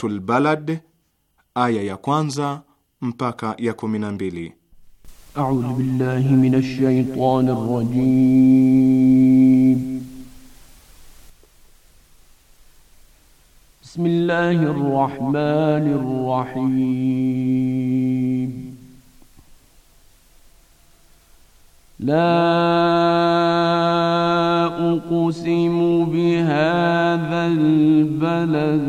Suratul Balad aya ya kwanza mpaka ya kumi na mbili. A'udhu billahi minash shaitanir rajim. Bismillahir rahmanir rahim. لا أقسم بهذا البلد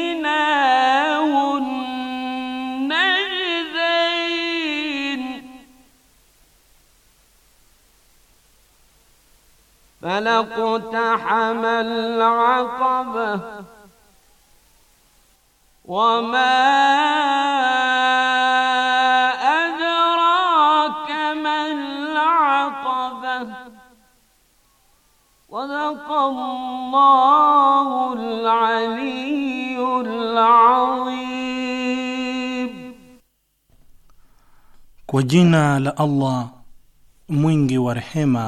فلقتحم العقبة وما أدراك ما العقبة صدق الله العلي العظيم وجينا لألله la Allah wa rehema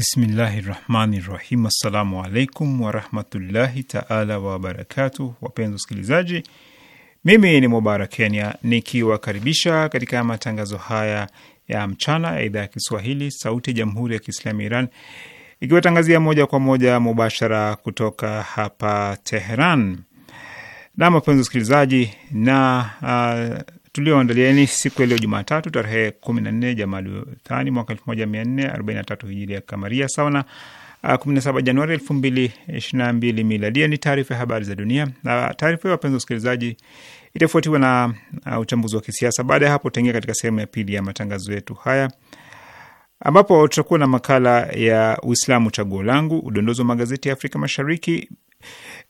Bismillahi rahmani rahim. Assalamu alaikum warahmatullahi taala wabarakatuh. Wapenzi wasikilizaji, mimi ni Mubarak Kenya nikiwakaribisha katika matangazo haya ya mchana ya idhaa ya Kiswahili sauti ya jamhuri ya Kiislamu ya Iran ikiwatangazia moja kwa moja mubashara kutoka hapa Teheran. Na wapenzi wasikilizaji, na uh, tulioandaliani siku ya leo Jumatatu tarehe kumi na nne mwaka elfu moja mia nne arobaini na tatu hijiri ya kamaria sawa na 17 ah, Januari 2022 miladia. Ni taarifa ya habari za dunia, na taarifa ya wapenzi wasikilizaji itafuatiwa na ah, uchambuzi wa kisiasa. Baada ya hapo, utaingia katika sehemu ya pili ya matangazo yetu haya, ambapo tutakuwa na makala ya Uislamu chaguo langu, udondozi wa magazeti ya Afrika Mashariki,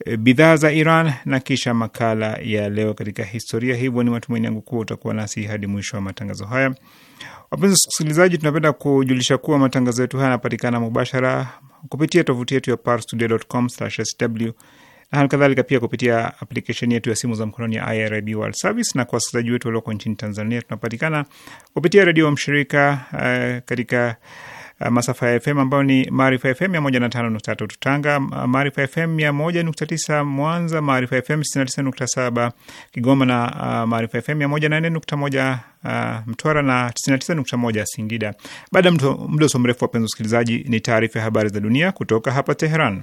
Eh, bidhaa za Iran na kisha makala ya leo katika historia. Hivyo ni matumaini yangu kuwa utakuwa nasi hadi mwisho wa matangazo haya. Wapenzi wasikilizaji, tunapenda kujulisha kuwa matangazo yetu haya yanapatikana mubashara kupitia tovuti yetu ya parstoday.com/sw na hali kadhalika pia kupitia aplikesheni yetu ya simu za mkononi ya IRIB World Service, na kwa wasikilizaji wetu walioko nchini Tanzania tunapatikana kupitia redio wa mshirika uh, katika Uh, masafa ya FM ambayo ni Maarifa FM 105.3 Tanga, uh, Maarifa FM 101.9 Mwanza, Maarifa FM 99.7 Kigoma na uh, Maarifa FM 108.1 uh, Mtwara na 99.1 Singida. Baada ya mdoso mrefu, wapenzi wasikilizaji, ni taarifa ya habari za dunia kutoka hapa Teheran.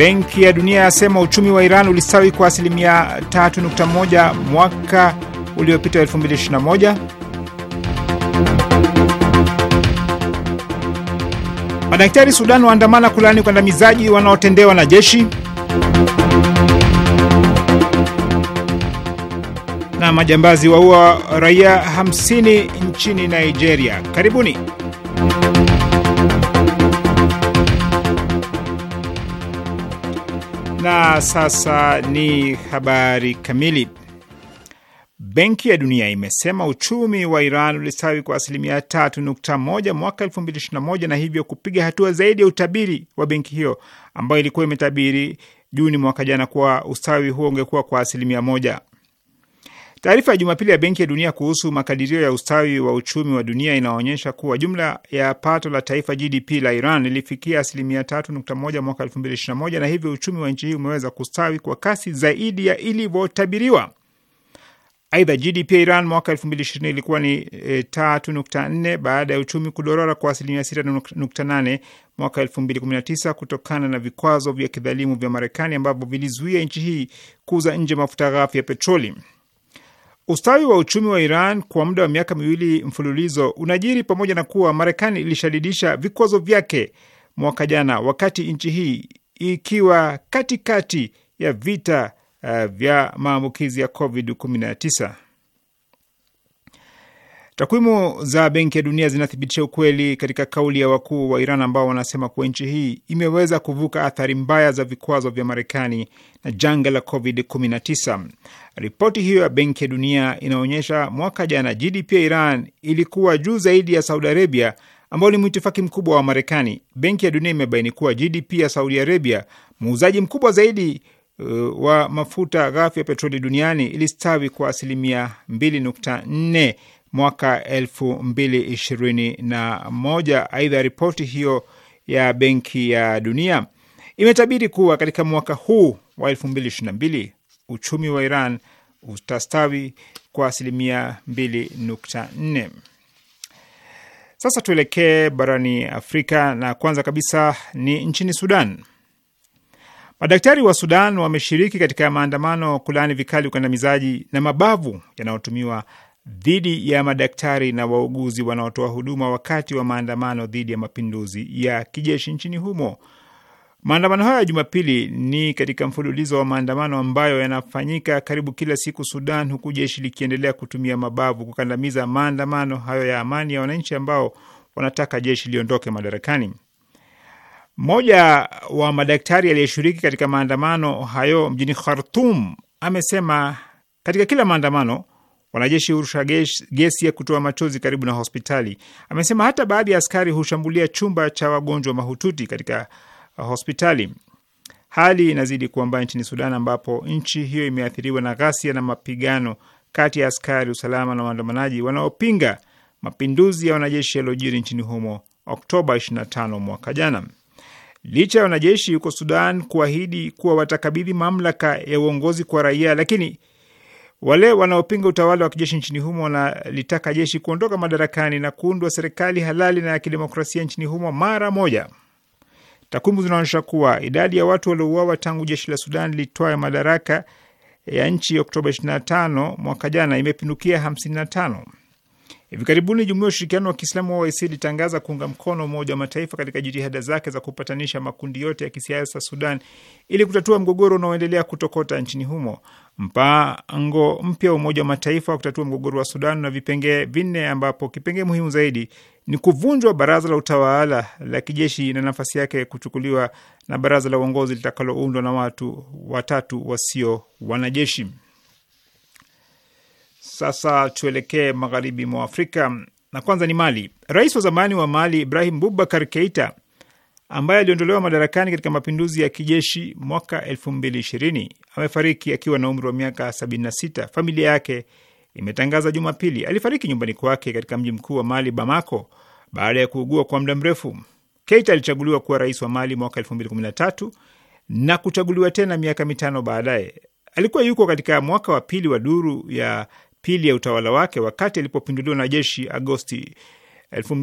Benki ya Dunia yasema uchumi wa Iran ulistawi kwa asilimia 3.1 mwaka uliopita 2021. Madaktari Sudan waandamana kulaani ukandamizaji wanaotendewa na jeshi. Na majambazi waua raia 50 nchini Nigeria. Karibuni. Na sasa ni habari kamili. Benki ya Dunia imesema uchumi wa Iran ulistawi kwa asilimia 3.1 mwaka elfu na na hivyo kupiga hatua zaidi ya utabiri wa benki hiyo ambayo ilikuwa imetabiri Juni mwaka jana kuwa ustawi huo ungekuwa kwa asilimia moja. Taarifa ya Jumapili ya Benki ya Dunia kuhusu makadirio ya ustawi wa uchumi wa dunia inaonyesha kuwa jumla ya pato la taifa GDP la Iran lilifikia asilimia 3.1 mwaka 2021 na hivyo uchumi wa nchi hii umeweza kustawi kwa kasi zaidi ya ilivyotabiriwa. Aidha, GDP ya Iran mwaka 2020 ilikuwa ni e, 3.4 baada ya uchumi kudorora kwa asilimia 6.8 mwaka 2019 kutokana na vikwazo vya kidhalimu vya Marekani ambavyo vilizuia nchi hii kuuza nje mafuta ghafi ya petroli. Ustawi wa uchumi wa Iran kwa muda wa miaka miwili mfululizo unajiri pamoja na kuwa Marekani ilishadidisha vikwazo vyake mwaka jana, wakati nchi hii ikiwa katikati ya vita uh, vya maambukizi ya COVID-19. Takwimu za Benki ya Dunia zinathibitisha ukweli katika kauli ya wakuu wa Iran ambao wanasema kuwa nchi hii imeweza kuvuka athari mbaya za vikwazo vya Marekani na janga la COVID-19. Ripoti hiyo ya Benki ya Dunia inaonyesha mwaka jana GDP ya Iran ilikuwa juu zaidi ya Saudi Arabia ambao ni mwitifaki mkubwa wa Marekani. Benki ya Dunia imebaini kuwa GDP ya Saudi Arabia, muuzaji mkubwa zaidi uh, wa mafuta ghafi ya petroli duniani, ilistawi kwa asilimia 2.4 mwaka elfu mbili ishirini na moja. Aidha, ripoti hiyo ya Benki ya Dunia imetabiri kuwa katika mwaka huu wa elfu mbili ishirini na mbili uchumi wa Iran utastawi kwa asilimia mbili nukta nne. Sasa tuelekee barani Afrika na kwanza kabisa ni nchini Sudan. Madaktari wa Sudan wameshiriki katika maandamano kulaani vikali ukandamizaji na mabavu yanayotumiwa dhidi ya madaktari na wauguzi wanaotoa huduma wakati wa maandamano dhidi ya mapinduzi ya kijeshi nchini humo. Maandamano hayo ya Jumapili ni katika mfululizo wa maandamano ambayo yanafanyika karibu kila siku Sudan, huku jeshi likiendelea kutumia mabavu kukandamiza maandamano hayo ya amani ya wananchi ambao wanataka jeshi liondoke madarakani. Mmoja wa madaktari aliyeshiriki katika maandamano hayo mjini Khartum amesema katika kila maandamano Wanajeshi hurusha gesi ya kutoa machozi karibu na hospitali. Amesema hata baadhi ya askari hushambulia chumba cha wagonjwa mahututi katika uh, hospitali. Hali inazidi kuwa mbaya nchini Sudan, ambapo nchi hiyo imeathiriwa na ghasia na mapigano kati ya askari usalama na waandamanaji wanaopinga mapinduzi ya wanajeshi yaliyojiri nchini humo Oktoba 25 mwaka jana. Licha ya wanajeshi huko Sudan kuahidi kuwa watakabidhi mamlaka ya uongozi kwa raia, lakini wale wanaopinga utawala wa kijeshi nchini humo wanalitaka jeshi kuondoka madarakani na kuundwa serikali halali na ya kidemokrasia nchini humo mara moja. Takwimu zinaonyesha kuwa idadi ya watu waliouawa tangu jeshi la Sudan litwae madaraka ya nchi Oktoba 25 mwaka jana imepindukia 55. Hivi karibuni jumuia ya Ushirikiano wa Kiislamu wa OIC e ilitangaza kuunga mkono Umoja wa Mataifa katika jitihada zake za kupatanisha makundi yote ya kisiasa Sudan ili kutatua mgogoro unaoendelea kutokota nchini humo mpango mpya wa Umoja wa Mataifa wa kutatua mgogoro wa Sudan na vipengee vinne, ambapo kipengee muhimu zaidi ni kuvunjwa baraza la utawala la kijeshi na nafasi yake kuchukuliwa na baraza la uongozi litakaloundwa na watu watatu wasio wanajeshi. Sasa tuelekee magharibi mwa Afrika na kwanza ni Mali. Rais wa zamani wa Mali Ibrahim Bubakar Keita ambaye aliondolewa madarakani katika mapinduzi ya kijeshi mwaka elfu Amefariki akiwa na umri wa miaka 76 Familia yake imetangaza Jumapili alifariki nyumbani kwake katika mji mkuu wa Mali, Bamako, baada ya kuugua kwa muda mrefu. Keita alichaguliwa kuwa rais wa Mali mwaka elfu na kuchaguliwa tena miaka mitano baadaye. Alikuwa yuko katika mwaka wa pili wa duru ya pili ya utawala wake wakati alipopinduliwa na jeshi Agosti elfu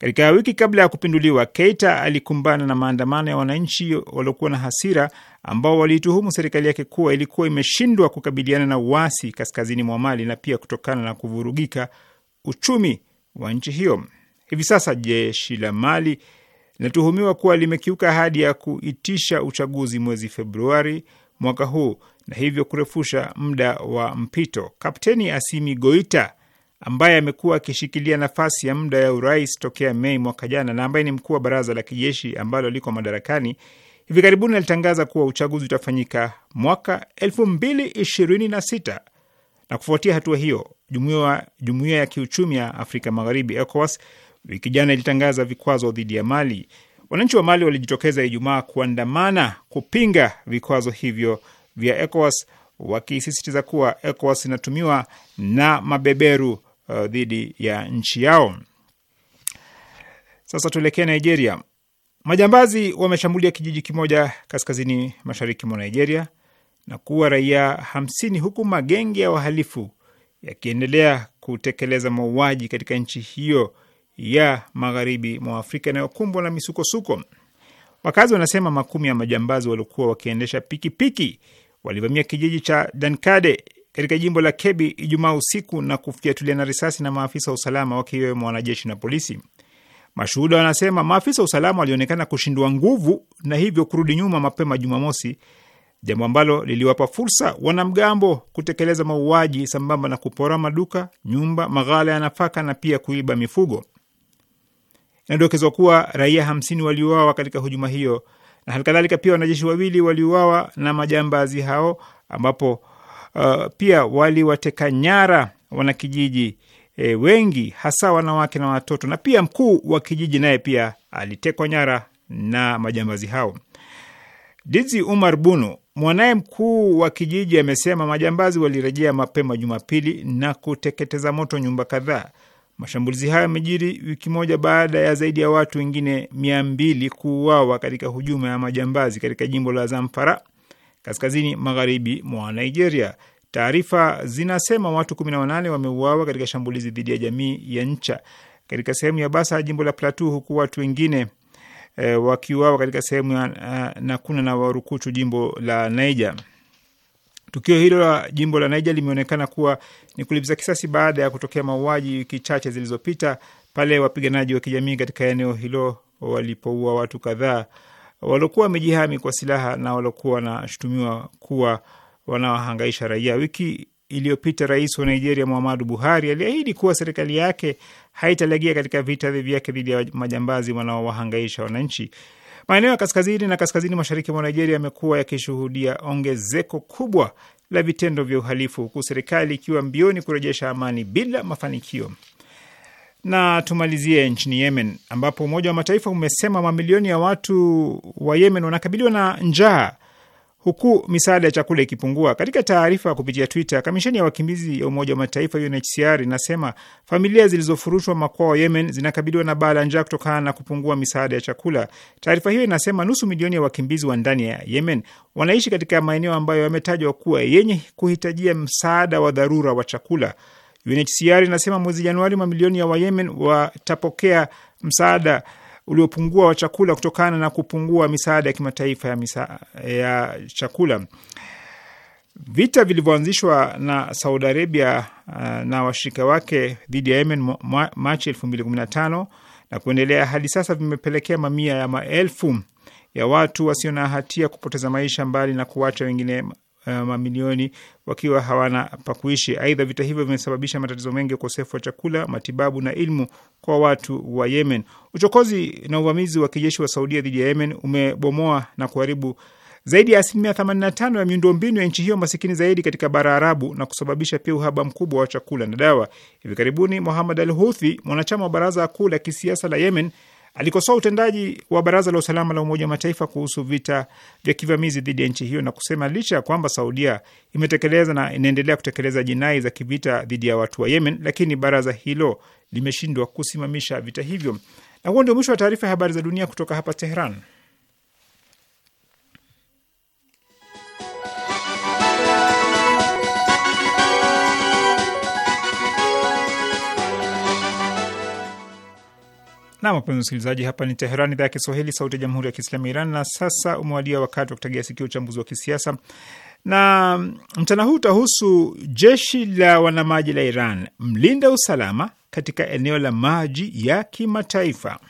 katika wiki kabla ya kupinduliwa, Keita alikumbana na maandamano ya wananchi waliokuwa na hasira ambao waliituhumu serikali yake kuwa ilikuwa imeshindwa kukabiliana na uasi kaskazini mwa Mali na pia kutokana na kuvurugika uchumi wa nchi hiyo. Hivi sasa jeshi la Mali linatuhumiwa kuwa limekiuka ahadi ya kuitisha uchaguzi mwezi Februari mwaka huu na hivyo kurefusha muda wa mpito. Kapteni Asimi Goita ambaye amekuwa akishikilia nafasi ya muda ya urais tokea Mei mwaka jana na ambaye ni mkuu wa baraza la kijeshi ambalo liko madarakani, hivi karibuni alitangaza kuwa uchaguzi utafanyika mwaka 2026 na kufuatia hatua hiyo, jumuiya ya kiuchumi ya Afrika Magharibi ECOWAS wiki jana ilitangaza vikwazo dhidi ya Mali. Wananchi wa Mali walijitokeza Ijumaa kuandamana kupinga vikwazo hivyo vya ECOWAS, wakisisitiza kuwa ECOWAS inatumiwa na mabeberu uh, dhidi ya nchi yao. Sasa tuelekee Nigeria. Majambazi wameshambulia kijiji kimoja kaskazini mashariki mwa Nigeria na kuua raia hamsini huku magenge ya wahalifu yakiendelea kutekeleza mauaji katika nchi hiyo ya magharibi mwa Afrika inayokumbwa na misukosuko. Wakazi wanasema makumi ya majambazi waliokuwa wakiendesha pikipiki walivamia kijiji cha Dankade katika jimbo la Kebi Ijumaa usiku na kufyatuliana risasi na maafisa wa usalama wakiwemo wanajeshi na polisi. Mashuhuda wanasema maafisa wa usalama walionekana kushindwa nguvu na hivyo kurudi nyuma mapema Jumamosi, jambo ambalo liliwapa fursa wanamgambo kutekeleza mauaji sambamba na kupora maduka, nyumba, maghala ya nafaka na pia kuiba mifugo. Inadokezwa kuwa raia hamsini waliuawa katika hujuma hiyo, na halikadhalika pia wanajeshi wawili waliuawa na majambazi hao, ambapo uh, pia waliwateka nyara wanakijiji e, wengi hasa wanawake na watoto, na pia mkuu wa kijiji naye pia alitekwa nyara na majambazi hao. Dizi Umar Bunu mwanaye mkuu wa kijiji amesema majambazi walirejea mapema Jumapili na kuteketeza moto nyumba kadhaa. Mashambulizi hayo yamejiri wiki moja baada ya zaidi ya watu wengine mia mbili kuuawa katika hujuma ya majambazi katika jimbo la Zamfara kaskazini magharibi mwa Nigeria. Taarifa zinasema watu 18 wameuawa katika shambulizi dhidi ya jamii ya Ncha katika sehemu ya Basa, jimbo la Plateau, huku watu wengine e, wakiuawa katika sehemu ya e, Nakuna na Warukuchu, jimbo la Niger. Tukio hilo la jimbo la Niger limeonekana kuwa ni kulipiza kisasi baada ya kutokea mauaji wiki chache zilizopita pale wapiganaji wa kijamii katika eneo hilo walipoua watu kadhaa waliokuwa wamejihami kwa silaha na waliokuwa wanashutumiwa kuwa wanawahangaisha raia. Wiki iliyopita rais wa Nigeria Muhammadu Buhari aliahidi kuwa serikali yake haitalegea katika vita vyake dhidi ya majambazi wanaowahangaisha wananchi. Maeneo ya kaskazini na kaskazini mashariki mwa Nigeria yamekuwa yakishuhudia ongezeko kubwa la vitendo vya uhalifu, huku serikali ikiwa mbioni kurejesha amani bila mafanikio. Na tumalizie nchini Yemen ambapo Umoja wa Mataifa umesema mamilioni ya watu wa Yemen wanakabiliwa na njaa huku misaada ya chakula ikipungua. Katika taarifa kupitia Twitter, kamisheni ya wakimbizi ya Umoja wa Mataifa UNHCR inasema familia zilizofurushwa makwao wa Yemen zinakabiliwa na baa la njaa kutokana na kupungua misaada ya chakula. Taarifa hiyo inasema nusu milioni ya wakimbizi wa ndani ya Yemen wanaishi katika maeneo ambayo yametajwa kuwa yenye kuhitajia msaada wa dharura wa chakula. UNHCR inasema mwezi Januari mamilioni ya Wayemen watapokea msaada uliopungua wa chakula kutokana na kupungua misaada ya kimataifa ya, misa, ya chakula. Vita vilivyoanzishwa na Saudi Arabia uh, na washirika wake dhidi ya Yemen Machi 2015 na kuendelea hadi sasa vimepelekea mamia ya maelfu ya watu wasio na hatia kupoteza maisha, mbali na kuwacha wengine Eh, mamilioni wakiwa hawana pa kuishi. Aidha, vita hivyo vimesababisha matatizo mengi ya ukosefu wa chakula, matibabu na elimu kwa watu wa Yemen. Uchokozi na uvamizi wa kijeshi wa Saudia dhidi ya Yemen umebomoa na kuharibu zaidi ya asilimia 85 ya miundombinu ya nchi hiyo masikini zaidi katika bara Arabu na kusababisha pia uhaba mkubwa wa chakula na dawa. Hivi karibuni Muhamad al Huthi, mwanachama wa baraza kuu la kisiasa la Yemen, Alikosoa utendaji wa Baraza la Usalama la Umoja wa Mataifa kuhusu vita vya kivamizi dhidi ya nchi hiyo na kusema licha ya kwamba Saudia imetekeleza na inaendelea kutekeleza jinai za kivita dhidi ya watu wa Yemen, lakini baraza hilo limeshindwa kusimamisha vita hivyo. Na huo ndio mwisho wa taarifa ya habari za dunia kutoka hapa Tehran. Na wapenzi msikilizaji, hapa ni Teherani, idhaa ya Kiswahili, sauti ya jamhuri ya kiislamu ya Iran. Na sasa umewadia wakati wa kutegea sikio uchambuzi wa kisiasa, na mchana huu utahusu jeshi la wanamaji la Iran, mlinda usalama katika eneo la maji ya kimataifa.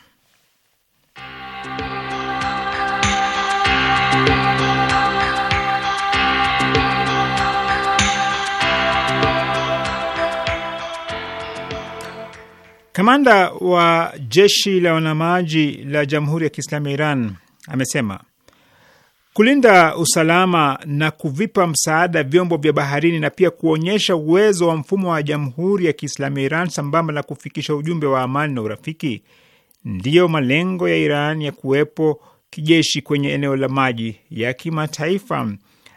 Kamanda wa jeshi la wanamaji la Jamhuri ya Kiislamu ya Iran amesema kulinda usalama na kuvipa msaada vyombo vya baharini na pia kuonyesha uwezo wa mfumo wa Jamhuri ya Kiislamu ya Iran sambamba na kufikisha ujumbe wa amani na urafiki ndiyo malengo ya Iran ya kuwepo kijeshi kwenye eneo la maji ya kimataifa.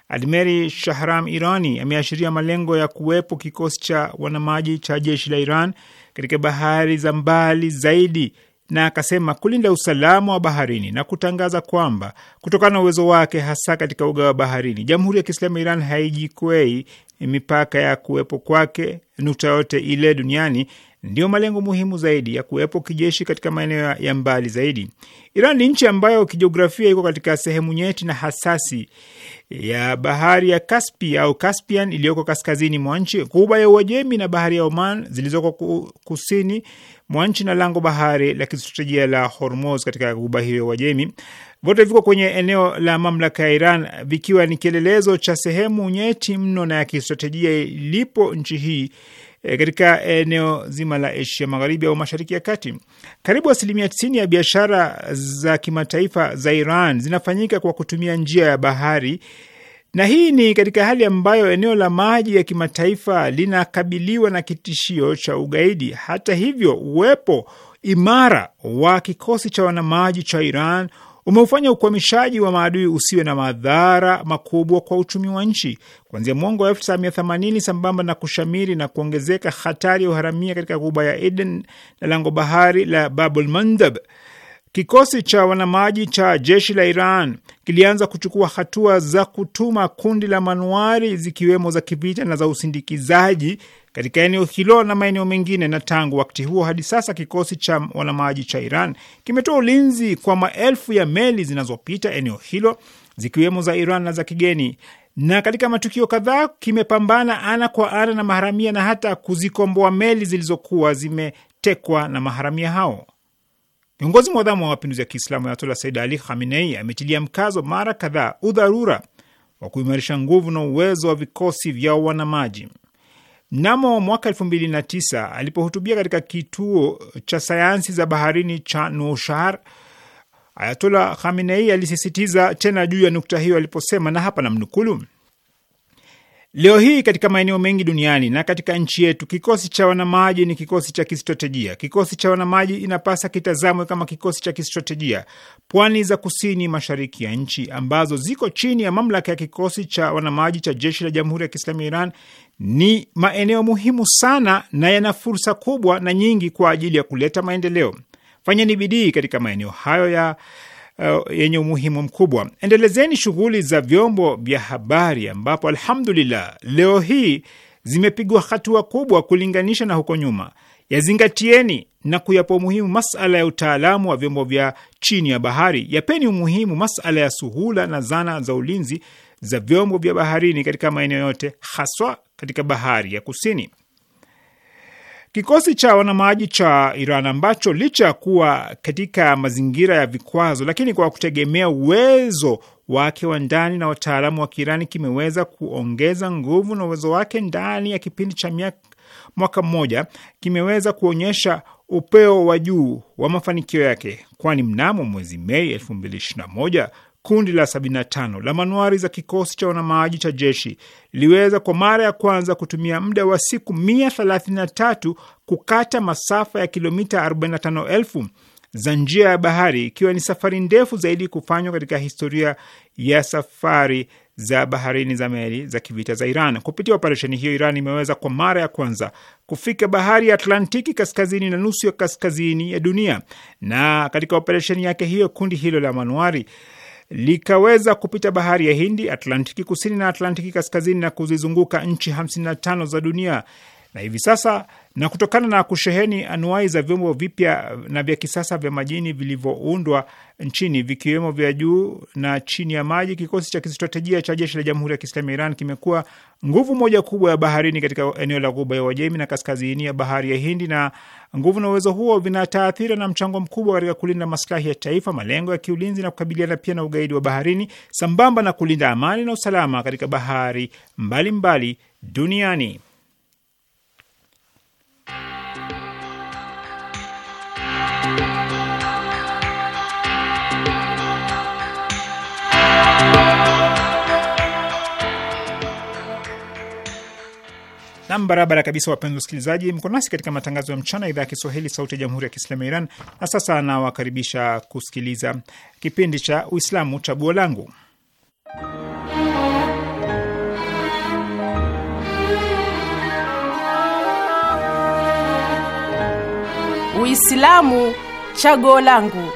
Admeri Shahram Irani ameashiria malengo ya kuwepo kikosi cha wanamaji cha jeshi la Iran katika bahari za mbali zaidi na akasema kulinda usalama wa baharini na kutangaza kwamba kutokana na uwezo wake hasa katika uga wa baharini, Jamhuri ya Kiislamu ya Iran haijikwei mipaka ya kuwepo kwake nukta yote ile duniani ndiyo malengo muhimu zaidi ya kuwepo kijeshi katika maeneo ya mbali zaidi. Iran ni nchi ambayo kijiografia iko katika sehemu nyeti na hasasi ya bahari ya Kaspi au Caspian iliyoko kaskazini mwa nchi, kuba ya Uajemi na bahari ya Oman zilizoko kusini mwa nchi na lango bahari la kistratejia la Hormuz katika kuba hiyo ya Uajemi. Vyote viko kwenye eneo la mamlaka ya Iran, vikiwa ni kielelezo cha sehemu nyeti mno na ya kistratejia ilipo nchi hii E, katika eneo zima la Asia Magharibi au Mashariki ya Kati. Karibu asilimia 90 ya biashara za kimataifa za Iran zinafanyika kwa kutumia njia ya bahari, na hii ni katika hali ambayo eneo la maji ya kimataifa linakabiliwa na kitishio cha ugaidi. Hata hivyo, uwepo imara wa kikosi cha wanamaji cha Iran umeufanya ukwamishaji wa maadui usiwe na madhara makubwa kwa uchumi wa nchi. Kuanzia mwongo wa 1980 sambamba na kushamiri na kuongezeka hatari ya uharamia katika ghuba ya Eden na lango bahari la Babul Mandab, Kikosi cha wanamaji cha jeshi la Iran kilianza kuchukua hatua za kutuma kundi la manuari zikiwemo za kivita na za usindikizaji katika eneo hilo na maeneo mengine, na tangu wakati huo hadi sasa kikosi cha wanamaji cha Iran kimetoa ulinzi kwa maelfu ya meli zinazopita eneo hilo zikiwemo za Iran na za kigeni, na katika matukio kadhaa kimepambana ana kwa ana na maharamia na hata kuzikomboa meli zilizokuwa zimetekwa na maharamia hao. Kiongozi mwadhamu wa mapinduzi ya Kiislamu Ayatollah Said Ali Khamenei ametilia mkazo mara kadhaa udharura wa kuimarisha nguvu na uwezo wa vikosi vya wanamaji. Mnamo mwaka elfu mbili na tisa alipohutubia katika kituo cha sayansi za baharini cha Nushar, Ayatola Khamenei alisisitiza tena juu ya nukta hiyo aliposema, na hapa namnukulu: Leo hii katika maeneo mengi duniani na katika nchi yetu, kikosi cha wanamaji ni kikosi cha kistratejia. Kikosi cha wanamaji inapasa kitazamwe kama kikosi cha kistratejia. Pwani za kusini mashariki ya nchi ambazo ziko chini ya mamlaka ya kikosi cha wanamaji cha jeshi la Jamhuri ya Kiislamu ya Iran ni maeneo muhimu sana na yana fursa kubwa na nyingi kwa ajili ya kuleta maendeleo. Fanyeni bidii katika maeneo hayo ya uh, yenye umuhimu mkubwa. Endelezeni shughuli za vyombo vya habari ambapo alhamdulillah leo hii zimepigwa hatua kubwa kulinganisha na huko nyuma. Yazingatieni na kuyapa umuhimu masala ya utaalamu wa vyombo vya chini ya bahari. Yapeni umuhimu masala ya suhula na zana za ulinzi za vyombo vya baharini katika maeneo yote, haswa katika bahari ya kusini. Kikosi cha wanamaji cha Iran ambacho licha ya kuwa katika mazingira ya vikwazo, lakini kwa kutegemea uwezo wake wa ndani na wataalamu wa Kiirani kimeweza kuongeza nguvu na uwezo wake ndani ya kipindi cha miaka mwaka mmoja kimeweza kuonyesha upeo wa juu wa mafanikio yake, kwani mnamo mwezi Mei 2021 kundi la 75 la manuari za kikosi cha wanamaji cha jeshi liliweza kwa mara ya kwanza kutumia muda wa siku 133 kukata masafa ya kilomita 45,000 za njia ya bahari, ikiwa ni safari ndefu zaidi kufanywa katika historia ya safari za baharini za meli za kivita za Iran. Kupitia operesheni hiyo, Iran imeweza kwa mara ya kwanza kufika bahari ya Atlantiki kaskazini na nusu ya kaskazini ya dunia. Na katika operesheni yake hiyo, kundi hilo la manuari likaweza kupita bahari ya Hindi, Atlantiki kusini na Atlantiki kaskazini na kuzizunguka nchi 55 za dunia na hivi sasa na kutokana na kusheheni anuai za vyombo vipya na vya kisasa vya majini vilivyoundwa nchini vikiwemo vya juu na chini ya maji, kikosi cha kistratejia cha jeshi la Jamhuri ya Kiislamu ya Iran kimekuwa nguvu moja kubwa ya baharini katika eneo la Ghuba ya Uajemi na kaskazini ya bahari ya Hindi, na nguvu na uwezo huo vinataathira na mchango mkubwa katika kulinda maslahi ya taifa, malengo ya kiulinzi na kukabiliana pia na ugaidi wa baharini, sambamba na kulinda amani na usalama katika bahari mbalimbali mbali duniani. Nam barabara kabisa, wapenzi wasikilizaji, mko nasi katika matangazo ya mchana, idhaa ya Kiswahili, sauti ya jamhuri ya kiislamu ya Iran. Na sasa anawakaribisha kusikiliza kipindi cha Uislamu chaguo langu. Uislamu chaguo langu.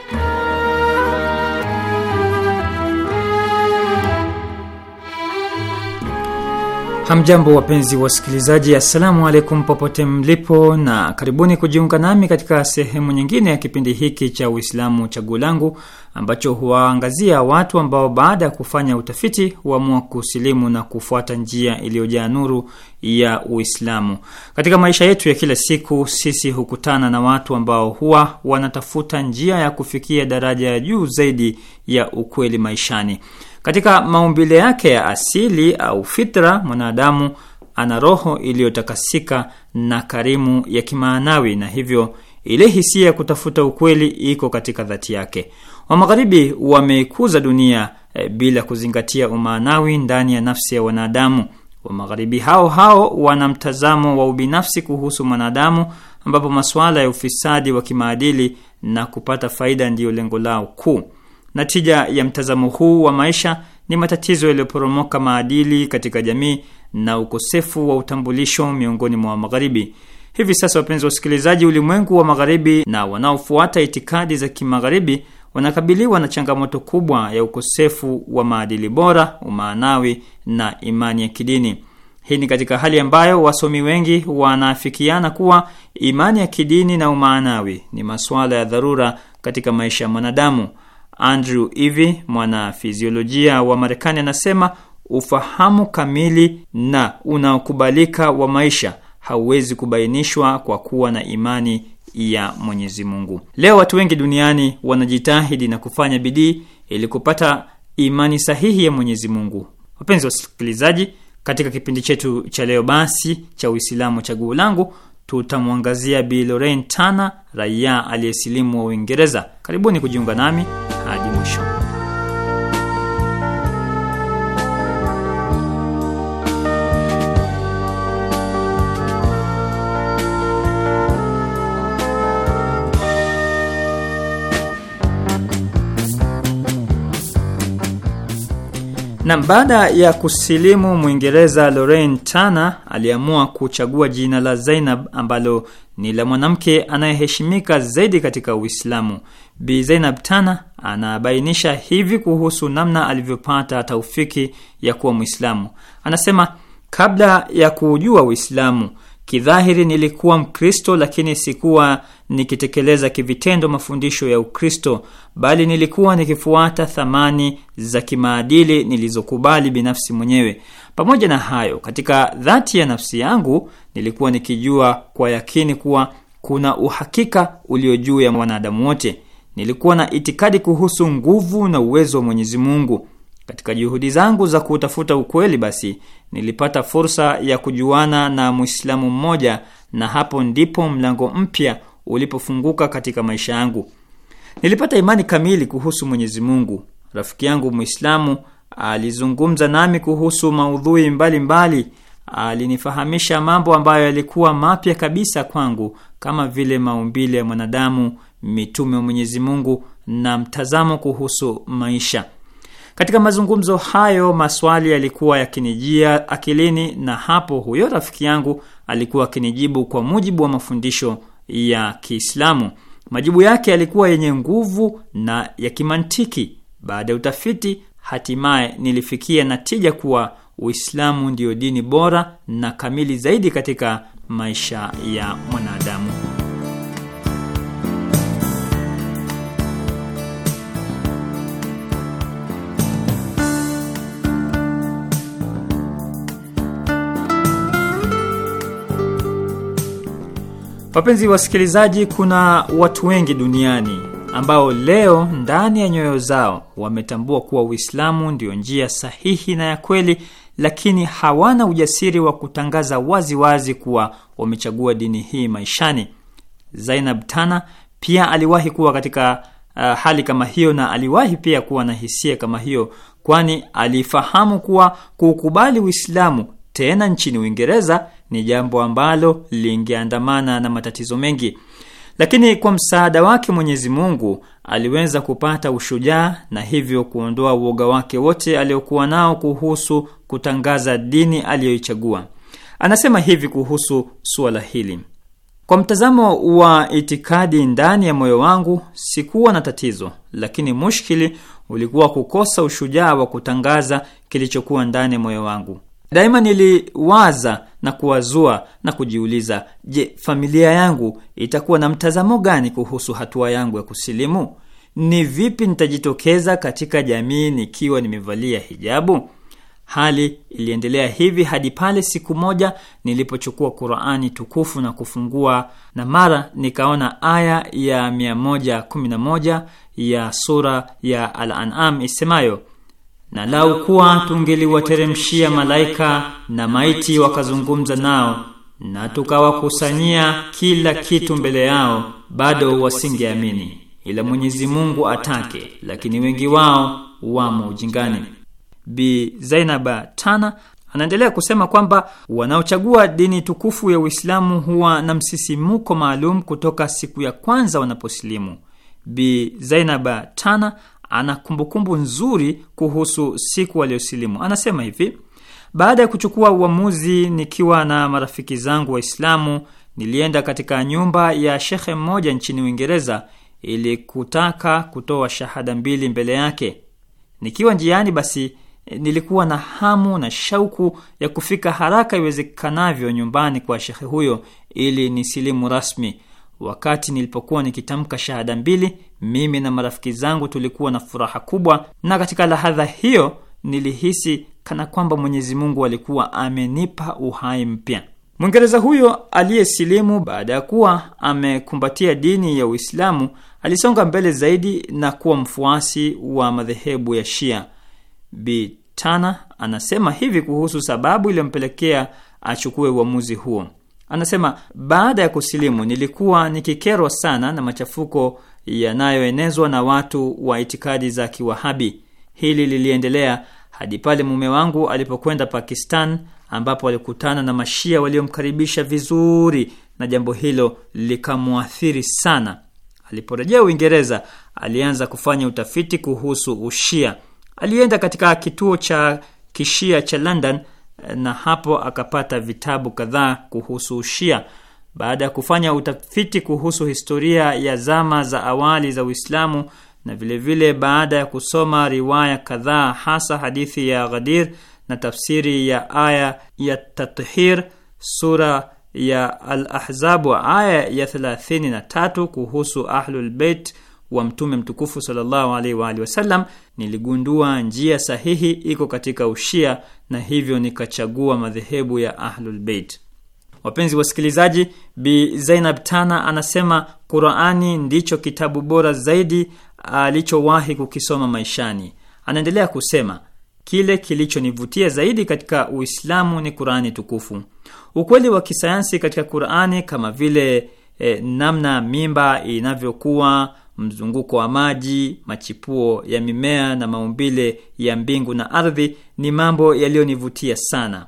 Hamjambo, wapenzi wasikilizaji, assalamu alaikum popote mlipo, na karibuni kujiunga nami katika sehemu nyingine ya kipindi hiki cha Uislamu Chaguo Langu ambacho huwaangazia watu ambao baada ya kufanya utafiti huamua kusilimu na kufuata njia iliyojaa nuru ya Uislamu. Katika maisha yetu ya kila siku, sisi hukutana na watu ambao huwa wanatafuta njia ya kufikia daraja ya juu zaidi ya ukweli maishani. Katika maumbile yake ya asili au fitra, mwanadamu ana roho iliyotakasika na karimu ya kimaanawi, na hivyo ile hisia ya kutafuta ukweli iko katika dhati yake. Wa Magharibi wameikuza dunia e, bila kuzingatia umaanawi ndani ya nafsi ya wanadamu. Wa Magharibi hao hao wana mtazamo wa ubinafsi kuhusu mwanadamu, ambapo masuala ya ufisadi wa kimaadili na kupata faida ndiyo lengo lao kuu natija ya mtazamo huu wa maisha ni matatizo yaliyoporomoka maadili katika jamii na ukosefu wa utambulisho miongoni mwa Magharibi. Hivi sasa, wapenzi wa usikilizaji, ulimwengu wa Magharibi na wanaofuata itikadi za kimagharibi wanakabiliwa na changamoto kubwa ya ukosefu wa maadili bora, umaanawi na imani ya kidini. Hii ni katika hali ambayo wasomi wengi wanaafikiana kuwa imani ya kidini na umaanawi ni masuala ya dharura katika maisha ya mwanadamu. Andrew Ivy, mwanafiziolojia wa Marekani, anasema ufahamu kamili na unaokubalika wa maisha hauwezi kubainishwa kwa kuwa na imani ya Mwenyezi Mungu. Leo watu wengi duniani wanajitahidi na kufanya bidii ili kupata imani sahihi ya Mwenyezi Mungu. Wapenzi wasikilizaji, katika kipindi chetu cha leo basi cha Uislamu chaguo langu tutamwangazia Bi Lorraine Tana, raia aliyesilimu wa Uingereza. Karibuni kujiunga nami hadi Na baada ya kusilimu, Mwingereza Lorraine Tana aliamua kuchagua jina la Zainab ambalo ni la mwanamke anayeheshimika zaidi katika Uislamu. Bi Zainab Tana anabainisha hivi kuhusu namna alivyopata taufiki ya kuwa Mwislamu. Anasema, kabla ya kuujua Uislamu Kidhahiri nilikuwa Mkristo, lakini sikuwa nikitekeleza kivitendo mafundisho ya Ukristo, bali nilikuwa nikifuata thamani za kimaadili nilizokubali binafsi mwenyewe. Pamoja na hayo, katika dhati ya nafsi yangu nilikuwa nikijua kwa yakini kuwa kuna uhakika ulio juu ya mwanadamu wote. Nilikuwa na itikadi kuhusu nguvu na uwezo wa Mwenyezi Mungu. Katika juhudi zangu za kutafuta ukweli basi nilipata fursa ya kujuana na Muislamu mmoja na hapo ndipo mlango mpya ulipofunguka katika maisha yangu. Nilipata imani kamili kuhusu Mwenyezi Mungu. Rafiki yangu mwislamu alizungumza nami kuhusu maudhui mbalimbali alinifahamisha mambo ambayo yalikuwa mapya kabisa kwangu kama vile maumbile ya mwanadamu, mitume wa Mwenyezi Mungu na mtazamo kuhusu maisha. Katika mazungumzo hayo maswali yalikuwa yakinijia akilini, na hapo huyo rafiki yangu alikuwa akinijibu kwa mujibu wa mafundisho ya Kiislamu. Majibu yake yalikuwa yenye nguvu na ya kimantiki. Baada ya utafiti, hatimaye nilifikia natija kuwa Uislamu ndiyo dini bora na kamili zaidi katika maisha ya mwanadamu. Wapenzi wasikilizaji, kuna watu wengi duniani ambao leo ndani ya nyoyo zao wametambua kuwa Uislamu ndio njia sahihi na ya kweli, lakini hawana ujasiri wa kutangaza waziwazi wazi kuwa wamechagua dini hii maishani. Zainab Tana pia aliwahi kuwa katika uh, hali kama hiyo na aliwahi pia kuwa na hisia kama hiyo, kwani alifahamu kuwa kuukubali Uislamu tena nchini Uingereza ni jambo ambalo lingeandamana na matatizo mengi, lakini kwa msaada wake Mwenyezi Mungu aliweza kupata ushujaa na hivyo kuondoa uoga wake wote aliokuwa nao kuhusu kutangaza dini aliyoichagua. Anasema hivi kuhusu suala hili: kwa mtazamo wa itikadi, ndani ya moyo wangu sikuwa na tatizo, lakini mushkili ulikuwa kukosa ushujaa wa kutangaza kilichokuwa ndani ya moyo wangu. Daima niliwaza na kuwazua na kujiuliza, je, familia yangu itakuwa na mtazamo gani kuhusu hatua yangu ya kusilimu? Ni vipi nitajitokeza katika jamii nikiwa nimevalia hijabu? Hali iliendelea hivi hadi pale siku moja nilipochukua Qur'ani tukufu na kufungua, na mara nikaona aya ya 111 ya sura ya Al-An'am isemayo na lau kuwa tungeliwateremshia malaika na maiti wakazungumza nao na tukawakusanyia kila kitu mbele yao bado wasingeamini ila Mwenyezi Mungu atake lakini wengi wao wamo ujingani Bi Zainaba Tana anaendelea kusema kwamba wanaochagua dini tukufu ya Uislamu huwa na msisimuko maalum kutoka siku ya kwanza wanaposilimu Bi Zainaba Tana ana kumbukumbu nzuri kuhusu siku aliyosilimu. Anasema hivi: baada ya kuchukua uamuzi, nikiwa na marafiki zangu Waislamu, nilienda katika nyumba ya shekhe mmoja nchini Uingereza ili kutaka kutoa shahada mbili mbele yake. Nikiwa njiani, basi nilikuwa na hamu na shauku ya kufika haraka iwezekanavyo nyumbani kwa shekhe huyo ili nisilimu rasmi. Wakati nilipokuwa nikitamka shahada mbili, mimi na marafiki zangu tulikuwa na furaha kubwa, na katika lahadha hiyo nilihisi kana kwamba Mwenyezi Mungu alikuwa amenipa uhai mpya. Mwingereza huyo aliyesilimu baada ya kuwa amekumbatia dini ya Uislamu alisonga mbele zaidi na kuwa mfuasi wa madhehebu ya Shia. Bi Tana anasema hivi kuhusu sababu iliyompelekea achukue uamuzi huo. Anasema, baada ya kusilimu nilikuwa nikikerwa sana na machafuko yanayoenezwa na watu wa itikadi za Kiwahabi. Hili liliendelea hadi pale mume wangu alipokwenda Pakistan, ambapo alikutana na mashia waliomkaribisha vizuri, na jambo hilo likamwathiri sana. Aliporejea Uingereza, alianza kufanya utafiti kuhusu ushia. Alienda katika kituo cha kishia cha London na hapo akapata vitabu kadhaa kuhusu ushia baada ya kufanya utafiti kuhusu historia ya zama za awali za Uislamu na vilevile vile baada ya kusoma riwaya kadhaa hasa hadithi ya Ghadir na tafsiri ya aya ya Tathir sura ya Al-Ahzab wa aya ya 33 kuhusu Ahlul Bait wa Mtume mtukufu sallallahu alaihi wa alihi wasallam, niligundua njia sahihi iko katika Ushia na hivyo nikachagua madhehebu ya Ahlul Bait. Wapenzi wasikilizaji, Bi Zainab Tana anasema Qur'ani ndicho kitabu bora zaidi alichowahi kukisoma maishani. Anaendelea kusema Kile kilichonivutia zaidi katika Uislamu ni Qur'ani tukufu. Ukweli wa kisayansi katika Qur'ani kama vile e, namna mimba inavyokuwa, mzunguko wa maji, machipuo ya mimea na maumbile ya mbingu na ardhi ni mambo yaliyonivutia sana.